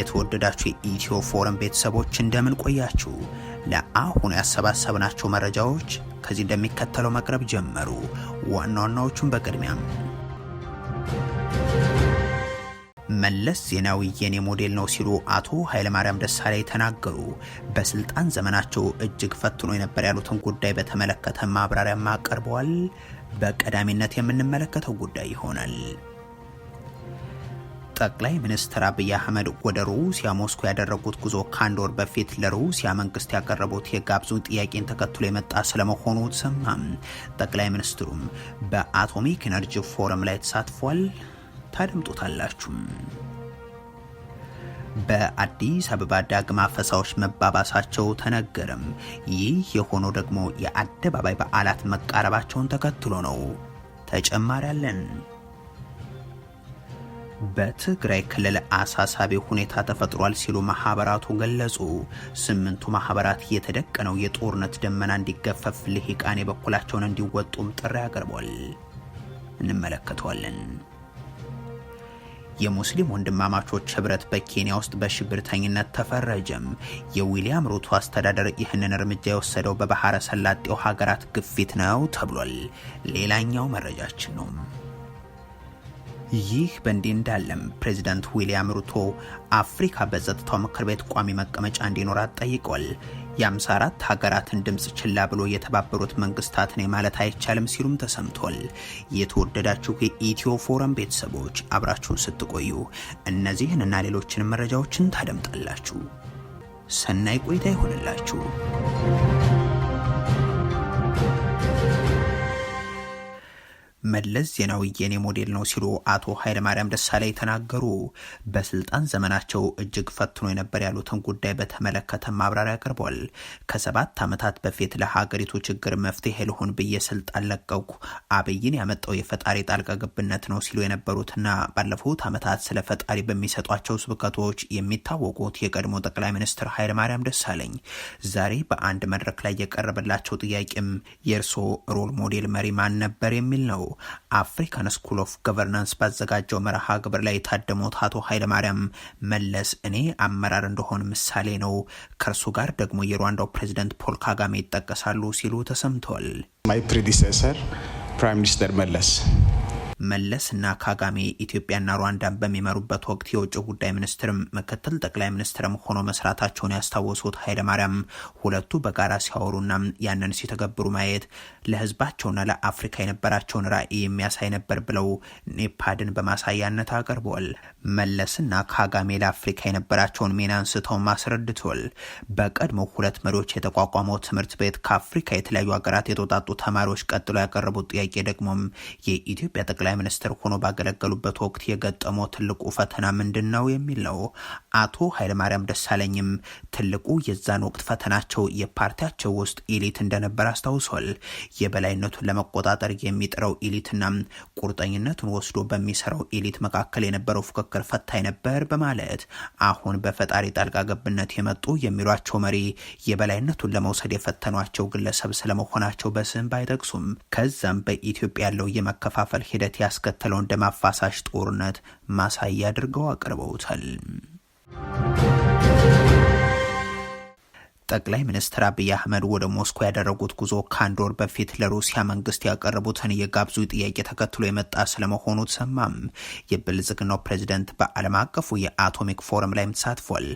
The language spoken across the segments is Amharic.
የተወደዳችሁ የኢትዮ ፎረም ቤተሰቦች እንደምን ቆያችሁ? ለአሁኑ ያሰባሰብናቸው መረጃዎች ከዚህ እንደሚከተለው መቅረብ ጀመሩ። ዋና ዋናዎቹን በቅድሚያም መለስ ዜናዊ የኔ ሞዴል ነው ሲሉ አቶ ኃይለማርያም ደሳለኝ ተናገሩ። በስልጣን ዘመናቸው እጅግ ፈትኖ የነበር ያሉትን ጉዳይ በተመለከተ ማብራሪያም አቀርበዋል። በቀዳሚነት የምንመለከተው ጉዳይ ይሆናል። ጠቅላይ ሚኒስትር አብይ አህመድ ወደ ሩሲያ ሞስኮ ያደረጉት ጉዞ ከአንድ ወር በፊት ለሩሲያ መንግስት ያቀረቡት የጋብዙን ጥያቄን ተከትሎ የመጣ ስለመሆኑ ሰማ። ጠቅላይ ሚኒስትሩም በአቶሚክ ኢነርጂ ፎረም ላይ ተሳትፏል። ታደምጡታላችሁ። በአዲስ አበባ ዳግም አፈሳዎች መባባሳቸው ተነገረም። ይህ የሆነው ደግሞ የአደባባይ በዓላት መቃረባቸውን ተከትሎ ነው። ተጨማሪ አለን። በትግራይ ክልል አሳሳቢ ሁኔታ ተፈጥሯል ሲሉ ማህበራቱ ገለጹ። ስምንቱ ማህበራት የተደቀነው የጦርነት ደመና እንዲገፈፍ ልሂቃን የበኩላቸውን እንዲወጡም ጥሪ አቅርቧል። እንመለከተዋለን። የሙስሊም ወንድማማቾች ህብረት በኬንያ ውስጥ በሽብርተኝነት ተፈረጀም። የዊሊያም ሩቶ አስተዳደር ይህንን እርምጃ የወሰደው በባህረ ሰላጤው ሀገራት ግፊት ነው ተብሏል። ሌላኛው መረጃችን ነው። ይህ በእንዲህ እንዳለም ፕሬዚዳንት ዊልያም ሩቶ አፍሪካ በጸጥታው ምክር ቤት ቋሚ መቀመጫ እንዲኖራት ጠይቀዋል። የ54 ሀገራትን ድምፅ ችላ ብሎ የተባበሩት መንግስታትን ማለት አይቻልም ሲሉም ተሰምቷል። የተወደዳችሁ የኢትዮ ፎረም ቤተሰቦች አብራችሁን ስትቆዩ እነዚህን እና ሌሎችንም መረጃዎችን ታደምጣላችሁ። ሰናይ ቆይታ ይሆንላችሁ። መለስ ዜናዊ የኔ ሞዴል ነው ሲሉ አቶ ኃይለማርያም ደሳለኝ ተናገሩ። በስልጣን ዘመናቸው እጅግ ፈትኖ የነበር ያሉትን ጉዳይ በተመለከተ ማብራሪያ ቀርቧል። ከሰባት ዓመታት በፊት ለሀገሪቱ ችግር መፍትሄ ልሆን ብዬ ስልጣን ለቀኩ፣ አብይን ያመጣው የፈጣሪ ጣልቃ ገብነት ነው ሲሉ የነበሩትና ባለፉት ዓመታት ስለ ፈጣሪ በሚሰጧቸው ስብከቶች የሚታወቁት የቀድሞ ጠቅላይ ሚኒስትር ኃይለማርያም ደሳለኝ ዛሬ በአንድ መድረክ ላይ የቀረበላቸው ጥያቄም የእርስዎ ሮል ሞዴል መሪ ማን ነበር የሚል ነው። አፍሪካን ስኩል ኦፍ ገቨርናንስ ባዘጋጀው መርሃ ግብር ላይ የታደሙት አቶ ኃይለማርያም መለስ እኔ አመራር እንደሆን ምሳሌ ነው፣ ከእርሱ ጋር ደግሞ የሩዋንዳው ፕሬዚደንት ፖል ካጋሜ ይጠቀሳሉ ሲሉ ተሰምተዋል። ማይ ፕሬዲሴሰር ፕራይም ሚኒስተር መለስ መለስና ካጋሜ ኢትዮጵያና ሩዋንዳን በሚመሩበት ወቅት የውጭ ጉዳይ ሚኒስትርም ምክትል ጠቅላይ ሚኒስትርም ሆኖ መስራታቸውን ያስታወሱት ኃይለማርያም ሁለቱ በጋራ ሲያወሩና ያንን ሲተገብሩ ማየት ለህዝባቸውና ለአፍሪካ የነበራቸውን ራዕይ የሚያሳይ ነበር ብለው ኔፓድን በማሳያነት አቅርበዋል። መለስና ካጋሜ ለአፍሪካ የነበራቸውን ሚና አንስተው አስረድተዋል። በቀድሞ ሁለት መሪዎች የተቋቋመው ትምህርት ቤት ከአፍሪካ የተለያዩ ሀገራት የተውጣጡ ተማሪዎች ቀጥሎ ያቀረቡት ጥያቄ ደግሞም የኢትዮጵያ ጠቅላይ ጠቅላይ ሚኒስትር ሆኖ ባገለገሉበት ወቅት የገጠመው ትልቁ ፈተና ምንድን ነው የሚል ነው። አቶ ኃይለማርያም ደሳለኝም ትልቁ የዛን ወቅት ፈተናቸው የፓርቲያቸው ውስጥ ኢሊት እንደነበር አስታውሷል። የበላይነቱን ለመቆጣጠር የሚጥረው ኢሊትና ቁርጠኝነቱን ወስዶ በሚሰራው ኢሊት መካከል የነበረው ፉክክር ፈታኝ ነበር በማለት አሁን በፈጣሪ ጣልቃ ገብነት የመጡ የሚሏቸው መሪ የበላይነቱን ለመውሰድ የፈተኗቸው ግለሰብ ስለመሆናቸው በስም ባይጠቅሱም ከዛም በኢትዮጵያ ያለው የመከፋፈል ሂደት ያስከተለውን ደም አፋሳሽ ጦርነት ማሳያ አድርገው አቅርበውታል። ጠቅላይ ሚኒስትር አብይ አህመድ ወደ ሞስኮ ያደረጉት ጉዞ ከአንድ ወር በፊት ለሩሲያ መንግስት ያቀረቡትን የጋብዙ ጥያቄ ተከትሎ የመጣ ስለመሆኑ ተሰማም። የብልጽግናው ፕሬዚደንት በዓለም አቀፉ የአቶሚክ ፎረም ላይም ተሳትፏል።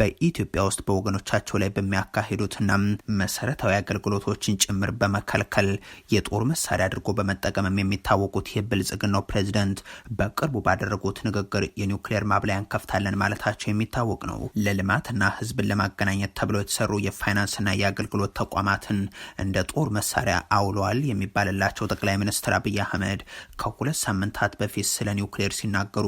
በኢትዮጵያ ውስጥ በወገኖቻቸው ላይ በሚያካሂዱትና መሰረታዊ አገልግሎቶችን ጭምር በመከልከል የጦር መሳሪያ አድርጎ በመጠቀምም የሚታወቁት የብልጽግናው ፕሬዚደንት በቅርቡ ባደረጉት ንግግር የኒውክሌር ማብላያ እንከፍታለን ማለታቸው የሚታወቅ ነው። ለልማትና ህዝብን ለማገናኘት ተብለው የተሰሩ የፋይናንስና የአገልግሎት ተቋማትን እንደ ጦር መሳሪያ አውለዋል የሚባልላቸው ጠቅላይ ሚኒስትር አብይ አህመድ ከሁለት ሳምንታት በፊት ስለ ኒውክሌር ሲናገሩ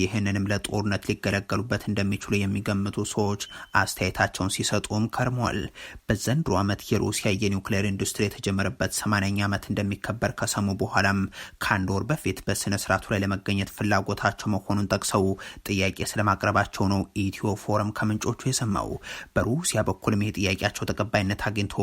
ይህንንም ለጦርነት ሊገለገሉበት እንደሚችሉ የሚገምቱ ሰዎች አስተያየታቸውን ሲሰጡም ከርመዋል። በዘንድሮ ዓመት የሩሲያ የኒውክሌር ኢንዱስትሪ የተጀመረበት 80ኛ ዓመት እንደሚከበር ከሰሙ በኋላም ከአንድ ወር በፊት በስነ ስርዓቱ ላይ ለመገኘት ፍላጎታቸው መሆኑን ጠቅሰው ጥያቄ ስለማቅረባቸው ነው ኢትዮ ፎረም ከምንጮቹ የሰማው። በሩሲያ በኩልም ጥያቄያቸው ተቀባይነት አግኝቶ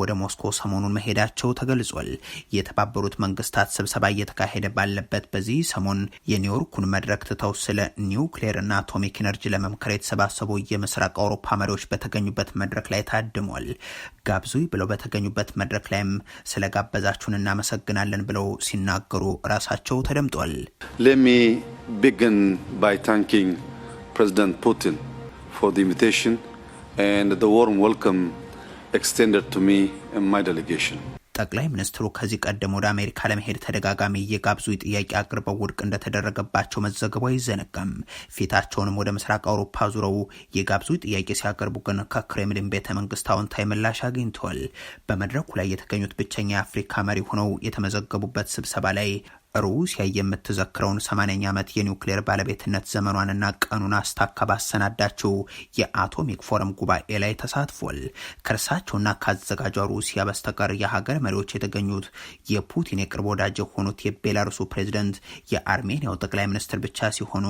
ወደ ሞስኮ ሰሞኑን መሄዳቸው ተገልጿል። የተባበሩት መንግስታት ስብሰባ እየተካሄደ ባለበት በዚህ ሰሞን የኒውዮርኩን መድረክ ትተው ስለ ኒውክሌርና አቶሚክ ኤነርጂ ለመምከር የተሰባሰቡ የምስራቅ አውሮፓ መሪዎች በተገኙበት መድረክ ላይ ታድሟል። ጋብዙ ብለው በተገኙበት መድረክ ላይም ስለ ጋበዛችሁን እናመሰግናለን ብለው ሲናገሩ ራሳቸው ተደምጧል። ሌሚ ቢግን ባይ ታንኪንግ ፕሬዚደንት ፑቲን ፎር ኢንቪቴሽን and the warm welcome extended to me and my delegation. ጠቅላይ ሚኒስትሩ ከዚህ ቀደም ወደ አሜሪካ ለመሄድ ተደጋጋሚ እየጋብዙ ጥያቄ አቅርበው ውድቅ እንደተደረገባቸው መዘገቡ አይዘነጋም። ፊታቸውንም ወደ ምስራቅ አውሮፓ ዙረው የጋብዙ ጥያቄ ሲያቀርቡ ግን ከክሬምሊን ቤተ መንግስት አዎንታዊ ምላሽ አግኝተዋል። በመድረኩ ላይ የተገኙት ብቸኛ የአፍሪካ መሪ ሆነው የተመዘገቡበት ስብሰባ ላይ ሩሲያ የምትዘክረውን ሰማንያኛ ዓመት የኒውክሌር ባለቤትነት ዘመኗንና ቀኑን አስታካ ባሰናዳቸው የአቶሚክ ፎረም ጉባኤ ላይ ተሳትፏል። ከእርሳቸውና ካዘጋጇ ሩሲያ በስተቀር የሀገር መሪዎች የተገኙት የፑቲን የቅርብ ወዳጅ የሆኑት የቤላሩሱ ፕሬዝደንት፣ የአርሜኒያው ጠቅላይ ሚኒስትር ብቻ ሲሆኑ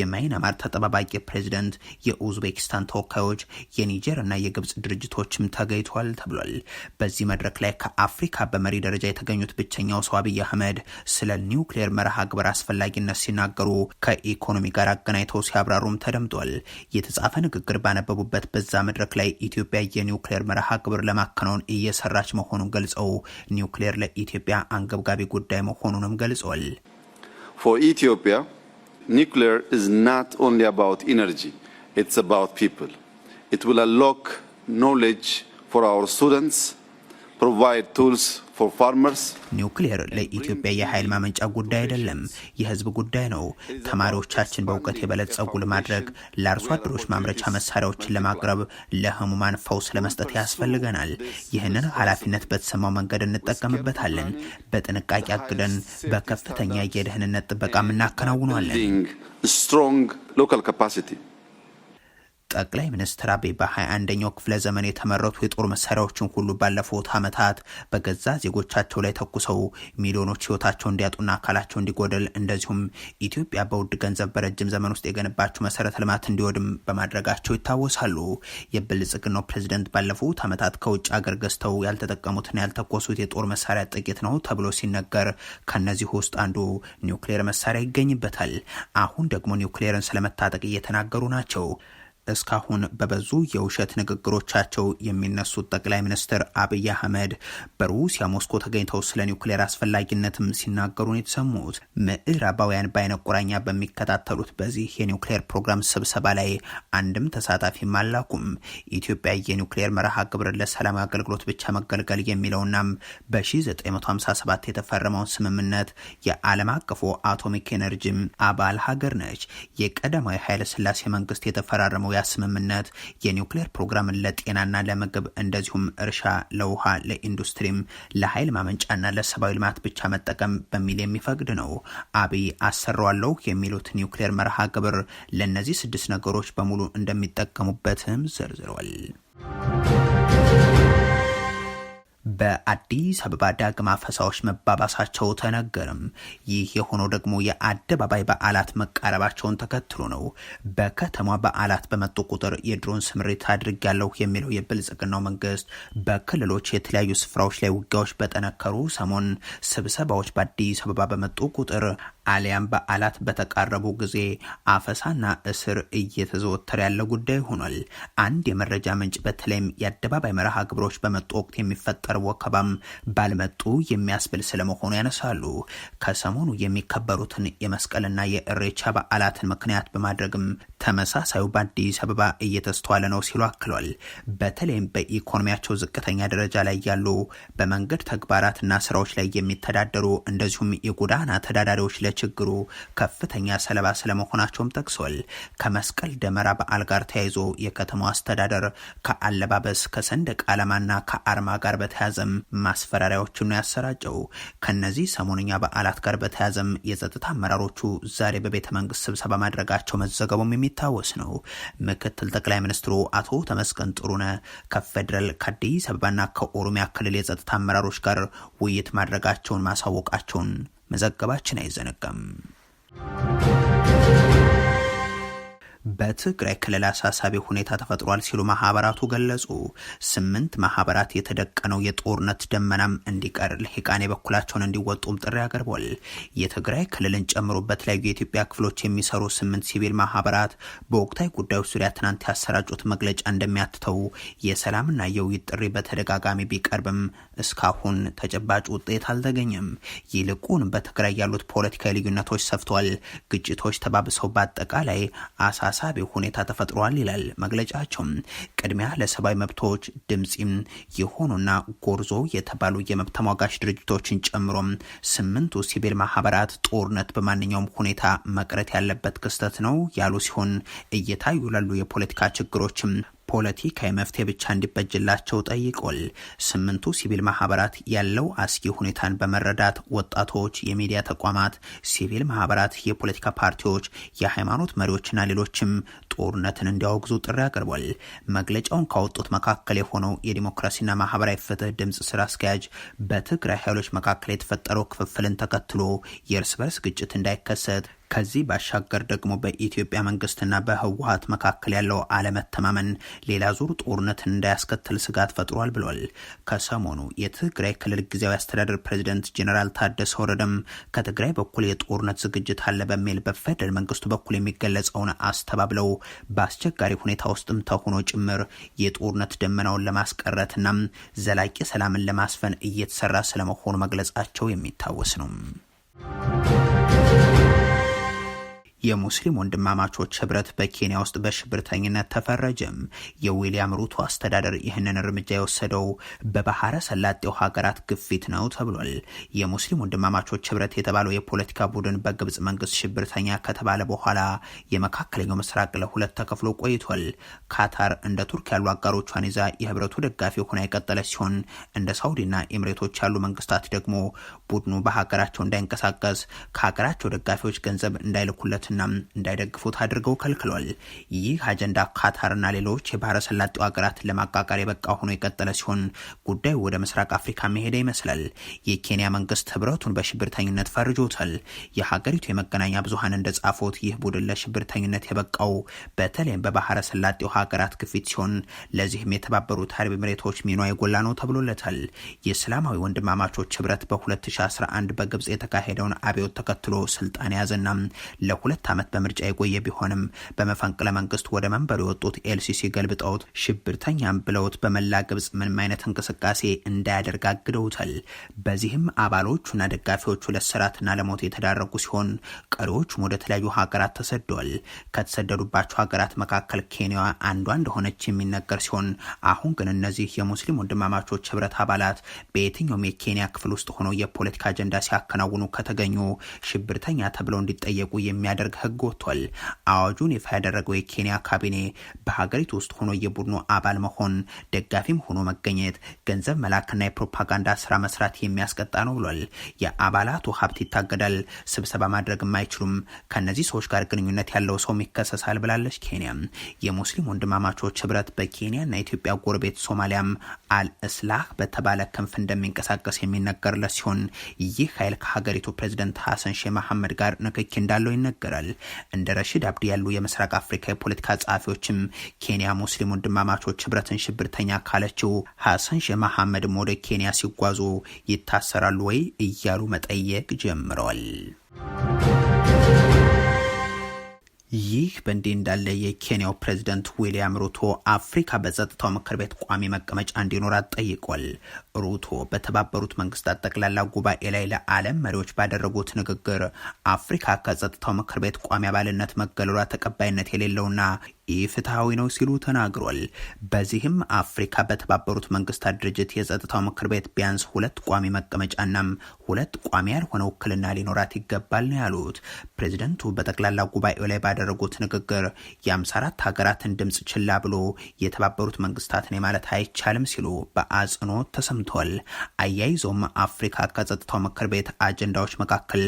የማይናማር ተጠባባቂ ፕሬዝደንት፣ የኡዝቤኪስታን ተወካዮች፣ የኒጀር እና የግብፅ ድርጅቶችም ተገኝተዋል ተብሏል። በዚህ መድረክ ላይ ከአፍሪካ በመሪ ደረጃ የተገኙት ብቸኛው ሰው አብይ አህመድ ስለ የኒውክሌር መርሃ ግብር አስፈላጊነት ሲናገሩ ከኢኮኖሚ ጋር አገናኝተው ሲያብራሩም ተደምጧል። የተጻፈ ንግግር ባነበቡበት በዛ መድረክ ላይ ኢትዮጵያ የኒውክሌር መርሃ ግብር ለማከናወን እየሰራች መሆኑን ገልጸው ኒውክሌር ለኢትዮጵያ አንገብጋቢ ጉዳይ መሆኑንም ገልጸዋል። ፎር ኢትዮጵያ ኒውክሌር ኢዝ ናት ኦንሊ አባውት ኢነርጂ ኢትስ አባውት ፒፕል ኢት ዊል አንሎክ ፎር አወር ስቱደንትስ ኒውክሌር ለኢትዮጵያ የኃይል ማመንጫ ጉዳይ አይደለም፣ የህዝብ ጉዳይ ነው። ተማሪዎቻችን በእውቀት የበለጸጉ ለማድረግ ለአርሶ አደሮች ማምረቻ መሳሪያዎችን ለማቅረብ ለህሙማን ፈውስ ለመስጠት ያስፈልገናል። ይህንን ኃላፊነት በተሰማው መንገድ እንጠቀምበታለን። በጥንቃቄ አቅደን በከፍተኛ የደህንነት ጥበቃም እናከናውኗለን። ጠቅላይ ሚኒስትር አብይ በ21ኛው ክፍለ ዘመን የተመረቱ የጦር መሳሪያዎችን ሁሉ ባለፉት ዓመታት በገዛ ዜጎቻቸው ላይ ተኩሰው ሚሊዮኖች ህይወታቸው እንዲያጡና አካላቸው እንዲጎደል እንደዚሁም ኢትዮጵያ በውድ ገንዘብ በረጅም ዘመን ውስጥ የገነባቸው መሰረተ ልማት እንዲወድም በማድረጋቸው ይታወሳሉ። የብልጽግናው ፕሬዚደንት ባለፉት ዓመታት ከውጭ አገር ገዝተው ያልተጠቀሙትና ያልተኮሱት የጦር መሳሪያ ጥቂት ነው ተብሎ ሲነገር ከነዚህ ውስጥ አንዱ ኒውክሌር መሳሪያ ይገኝበታል። አሁን ደግሞ ኒውክሌርን ስለመታጠቅ እየተናገሩ ናቸው። እስካሁን በበዙ የውሸት ንግግሮቻቸው የሚነሱት ጠቅላይ ሚኒስትር አብይ አህመድ በሩሲያ ሞስኮ ተገኝተው ስለ ኒውክሌር አስፈላጊነትም ሲናገሩን የተሰሙት ምዕራባውያን በአይነ ቁራኛ በሚከታተሉት በዚህ የኒውክሌር ፕሮግራም ስብሰባ ላይ አንድም ተሳታፊም አላኩም። ኢትዮጵያ የኒውክሌር መርሃ ግብር ለሰላም አገልግሎት ብቻ መገልገል የሚለውናም በ1957 የተፈረመውን ስምምነት የዓለም አቀፉ አቶሚክ ኤነርጂም አባል ሀገር ነች። የቀደማዊ ኃይለ ስላሴ መንግስት የተፈራረመው የገበያ ስምምነት የኒውክሌር ፕሮግራምን ለጤናና ለምግብ እንደዚሁም እርሻ፣ ለውሃ፣ ለኢንዱስትሪም ለኃይል ማመንጫና ለሰብአዊ ልማት ብቻ መጠቀም በሚል የሚፈቅድ ነው። አብይ አሰራዋለሁ የሚሉት ኒውክሌር መርሃ ግብር ለእነዚህ ስድስት ነገሮች በሙሉ እንደሚጠቀሙበትም ዘርዝረዋል። በአዲስ አበባ ዳግም አፈሳዎች መባባሳቸው ተነገርም። ይህ የሆነው ደግሞ የአደባባይ በዓላት መቃረባቸውን ተከትሎ ነው። በከተማ በዓላት በመጡ ቁጥር የድሮን ስምሪት ያለው የሚለው የብልጽግናው መንግስት በክልሎች የተለያዩ ስፍራዎች ላይ ውጊያዎች በጠነከሩ ሰሞን ስብሰባዎች በአዲስ አበባ በመጡ ቁጥር አሊያም በዓላት በተቃረቡ ጊዜ አፈሳና እስር እየተዘወተረ ያለ ጉዳይ ሆኗል። አንድ የመረጃ ምንጭ በተለይም የአደባባይ መርሃ ግብሮች በመጡ ወቅት የሚፈጠር ወከባም ባልመጡ የሚያስብል ስለመሆኑ ያነሳሉ። ከሰሞኑ የሚከበሩትን የመስቀልና የእሬቻ በዓላትን ምክንያት በማድረግም ተመሳሳዩ በአዲስ አበባ እየተስተዋለ ነው ሲሉ አክሏል። በተለይም በኢኮኖሚያቸው ዝቅተኛ ደረጃ ላይ ያሉ በመንገድ ተግባራትና ስራዎች ላይ የሚተዳደሩ እንደዚሁም የጎዳና ተዳዳሪዎች ለ ለችግሩ ከፍተኛ ሰለባ ስለመሆናቸውም ጠቅሷል። ከመስቀል ደመራ በዓል ጋር ተያይዞ የከተማው አስተዳደር ከአለባበስ ከሰንደቅ ዓላማና ከአርማ ጋር በተያዘም ማስፈራሪያዎችን ነው ያሰራጨው። ከነዚህ ሰሞነኛ በዓላት ጋር በተያዘም የጸጥታ አመራሮቹ ዛሬ በቤተ መንግስት ስብሰባ ማድረጋቸው መዘገቡም የሚታወስ ነው። ምክትል ጠቅላይ ሚኒስትሩ አቶ ተመስገን ጥሩነህ ከፌደራል ከአዲስ አበባና ከኦሮሚያ ክልል የጸጥታ አመራሮች ጋር ውይይት ማድረጋቸውን ማሳወቃቸውን መዘገባችን አይዘነጋም። በትግራይ ክልል አሳሳቢ ሁኔታ ተፈጥሯል ሲሉ ማህበራቱ ገለጹ። ስምንት ማህበራት የተደቀነው የጦርነት ደመናም እንዲቀር ልሂቃን የበኩላቸውን እንዲወጡም ጥሪ አቅርቧል። የትግራይ ክልልን ጨምሮ በተለያዩ የኢትዮጵያ ክፍሎች የሚሰሩ ስምንት ሲቪል ማህበራት በወቅታዊ ጉዳዮች ዙሪያ ትናንት ያሰራጩት መግለጫ እንደሚያትተው የሰላምና የውይይት ጥሪ በተደጋጋሚ ቢቀርብም እስካሁን ተጨባጭ ውጤት አልተገኘም። ይልቁን በትግራይ ያሉት ፖለቲካዊ ልዩነቶች ሰፍተዋል። ግጭቶች ተባብሰው በአጠቃላይ አሳ አሳሳቢ ሁኔታ ተፈጥሯል ይላል መግለጫቸው። ቅድሚያ ለሰብአዊ መብቶች ድምፂም የሆኑና ጎርዞ የተባሉ የመብት ተሟጋች ድርጅቶችን ጨምሮ ስምንቱ ሲቪል ማህበራት ጦርነት በማንኛውም ሁኔታ መቅረት ያለበት ክስተት ነው ያሉ ሲሆን እየታዩ ላሉ የፖለቲካ ችግሮችም ፖለቲካዊ መፍትሄ ብቻ እንዲበጅላቸው ጠይቋል። ስምንቱ ሲቪል ማህበራት ያለው አስጊ ሁኔታን በመረዳት ወጣቶች፣ የሚዲያ ተቋማት፣ ሲቪል ማህበራት፣ የፖለቲካ ፓርቲዎች፣ የሃይማኖት መሪዎችና ሌሎችም ጦርነትን እንዲያወግዙ ጥሪ አቅርቧል። መግለጫውን ካወጡት መካከል የሆነው የዲሞክራሲና ማህበራዊ ፍትህ ድምፅ ስራ አስኪያጅ በትግራይ ኃይሎች መካከል የተፈጠረው ክፍፍልን ተከትሎ የእርስ በርስ ግጭት እንዳይከሰት ከዚህ ባሻገር ደግሞ በኢትዮጵያ መንግስትና በህወሀት መካከል ያለው አለመተማመን ሌላ ዙር ጦርነት እንዳያስከትል ስጋት ፈጥሯል ብሏል። ከሰሞኑ የትግራይ ክልል ጊዜያዊ አስተዳደር ፕሬዚደንት ጀኔራል ታደሰ ወረደም ከትግራይ በኩል የጦርነት ዝግጅት አለ በሚል በፌደራል መንግስቱ በኩል የሚገለጸውን አስተባብለው በአስቸጋሪ ሁኔታ ውስጥም ተሆኖ ጭምር የጦርነት ደመናውን ለማስቀረትና ዘላቂ ሰላምን ለማስፈን እየተሰራ ስለመሆኑ መግለጻቸው የሚታወስ ነው። የሙስሊም ወንድማማቾች ህብረት በኬንያ ውስጥ በሽብርተኝነት ተፈረጀም። የዊሊያም ሩቶ አስተዳደር ይህንን እርምጃ የወሰደው በባህረ ሰላጤው ሀገራት ግፊት ነው ተብሏል። የሙስሊም ወንድማማቾች ህብረት የተባለው የፖለቲካ ቡድን በግብጽ መንግስት ሽብርተኛ ከተባለ በኋላ የመካከለኛው ምስራቅ ለሁለት ተከፍሎ ቆይቷል። ካታር እንደ ቱርክ ያሉ አጋሮቿን ይዛ የህብረቱ ደጋፊ ሆና የቀጠለ ሲሆን እንደ ሳውዲና ኤምሬቶች ያሉ መንግስታት ደግሞ ቡድኑ በሀገራቸው እንዳይንቀሳቀስ ከሀገራቸው ደጋፊዎች ገንዘብ እንዳይልኩለት እንዳይወስዱትና እንዳይደግፉት አድርገው ከልክሏል። ይህ አጀንዳ ካታርና ሌሎች የባህረ ሰላጤው ሀገራት ለማቃቃር የበቃ ሆኖ የቀጠለ ሲሆን ጉዳዩ ወደ ምስራቅ አፍሪካ መሄደ ይመስላል። የኬንያ መንግስት ህብረቱን በሽብርተኝነት ፈርጆታል። የሀገሪቱ የመገናኛ ብዙሀን እንደጻፉት ይህ ቡድን ለሽብርተኝነት የበቃው በተለይም በባህረ ሰላጤው ሀገራት ግፊት ሲሆን ለዚህም የተባበሩት አረብ ኤሚሬቶች ሚኗ የጎላ ነው ተብሎለታል። የእስላማዊ ወንድማማቾች ህብረት በ2011 በግብጽ የተካሄደውን አብዮት ተከትሎ ስልጣን የያዘና ሁለት ዓመት በምርጫ የቆየ ቢሆንም በመፈንቅለ መንግስት ወደ መንበር የወጡት ኤልሲሲ ገልብጠውት ሽብርተኛም ብለውት በመላ ግብጽ ምንም አይነት እንቅስቃሴ እንዳያደርግ አግደውታል። በዚህም አባሎቹና ደጋፊዎቹ ለስራትና ለሞት የተዳረጉ ሲሆን ቀሪዎቹም ወደ ተለያዩ ሀገራት ተሰደዋል። ከተሰደዱባቸው ሀገራት መካከል ኬንያ አንዷ እንደሆነች የሚነገር ሲሆን አሁን ግን እነዚህ የሙስሊም ወንድማማቾች ህብረት አባላት በየትኛውም የኬንያ ክፍል ውስጥ ሆነው የፖለቲካ አጀንዳ ሲያከናውኑ ከተገኙ ሽብርተኛ ተብለው እንዲጠየቁ የሚያደርግ የሚያደርግ ህግ ወጥቷል። አዋጁን ይፋ ያደረገው የኬንያ ካቢኔ በሀገሪቱ ውስጥ ሆኖ የቡድኑ አባል መሆን፣ ደጋፊም ሆኖ መገኘት፣ ገንዘብ መላክና የፕሮፓጋንዳ ስራ መስራት የሚያስቀጣ ነው ብሏል። የአባላቱ ሀብት ይታገዳል፣ ስብሰባ ማድረግም አይችሉም። ከእነዚህ ሰዎች ጋር ግንኙነት ያለው ሰውም ይከሰሳል ብላለች ኬንያ። የሙስሊም ወንድማማቾች ህብረት በኬንያና ኢትዮጵያ ጎረቤት ሶማሊያም አልእስላህ በተባለ ክንፍ እንደሚንቀሳቀስ የሚነገርለት ሲሆን ይህ ኃይል ከሀገሪቱ ፕሬዚደንት ሀሰን ሼህ መሐመድ ጋር ንክኪ እንዳለው ይነገራል። ይኖራል። እንደ ረሽድ አብዲ ያሉ የምስራቅ አፍሪካ የፖለቲካ ጸሐፊዎችም ኬንያ ሙስሊም ወንድማማቾች ህብረትን ሽብርተኛ ካለችው ሐሰን ሼህ መሐመድም ወደ ኬንያ ሲጓዙ ይታሰራሉ ወይ እያሉ መጠየቅ ጀምረዋል። ይህ በእንዲህ እንዳለ የኬንያው ፕሬዝደንት ዊልያም ሩቶ አፍሪካ በጸጥታው ምክር ቤት ቋሚ መቀመጫ እንዲኖራት ጠይቋል። ሩቶ በተባበሩት መንግስታት ጠቅላላ ጉባኤ ላይ ለዓለም መሪዎች ባደረጉት ንግግር አፍሪካ ከጸጥታው ምክር ቤት ቋሚ አባልነት መገለሏ ተቀባይነት የሌለውና ኢፍትሐዊ ነው ሲሉ ተናግሯል። በዚህም አፍሪካ በተባበሩት መንግስታት ድርጅት የጸጥታው ምክር ቤት ቢያንስ ሁለት ቋሚ መቀመጫናም ሁለት ቋሚ ያልሆነ ውክልና ሊኖራት ይገባል ነው ያሉት። ፕሬዚደንቱ በጠቅላላ ጉባኤው ላይ ባደረጉት ንግግር የ ሀገራትን ድምፅ ችላ ብሎ የተባበሩት መንግስታትን የማለት አይቻልም ሲሉ በአጽንኦት ተሰምቷል። አያይዞም አፍሪካ ከጸጥታው ምክር ቤት አጀንዳዎች መካከል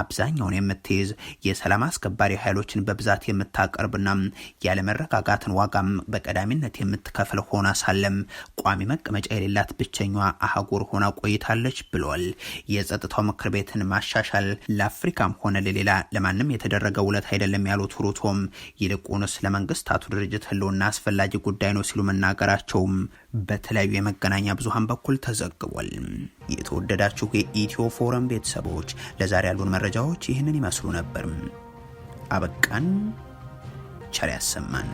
አብዛኛውን የምትይዝ የሰላም አስከባሪ ኃይሎችን በብዛት የምታቀርብና ያለ ያለመረጋጋትን ዋጋም በቀዳሚነት የምትከፍል ሆና ሳለም ቋሚ መቀመጫ የሌላት ብቸኛዋ አህጉር ሆና ቆይታለች ብሏል። የጸጥታው ምክር ቤትን ማሻሻል ለአፍሪካም ሆነ ለሌላ ለማንም የተደረገ ውለት አይደለም ያሉት ሩቶም ይልቁንስ ለመንግስታቱ ድርጅት ህልውና አስፈላጊ ጉዳይ ነው ሲሉ መናገራቸውም በተለያዩ የመገናኛ ብዙሃን በኩል ተዘግቧል። የተወደዳችሁ የኢትዮ ፎረም ቤተሰቦች ለዛሬ ያሉን መረጃዎች ይህንን ይመስሉ ነበር። አበቃን። ቸር ያሰማን።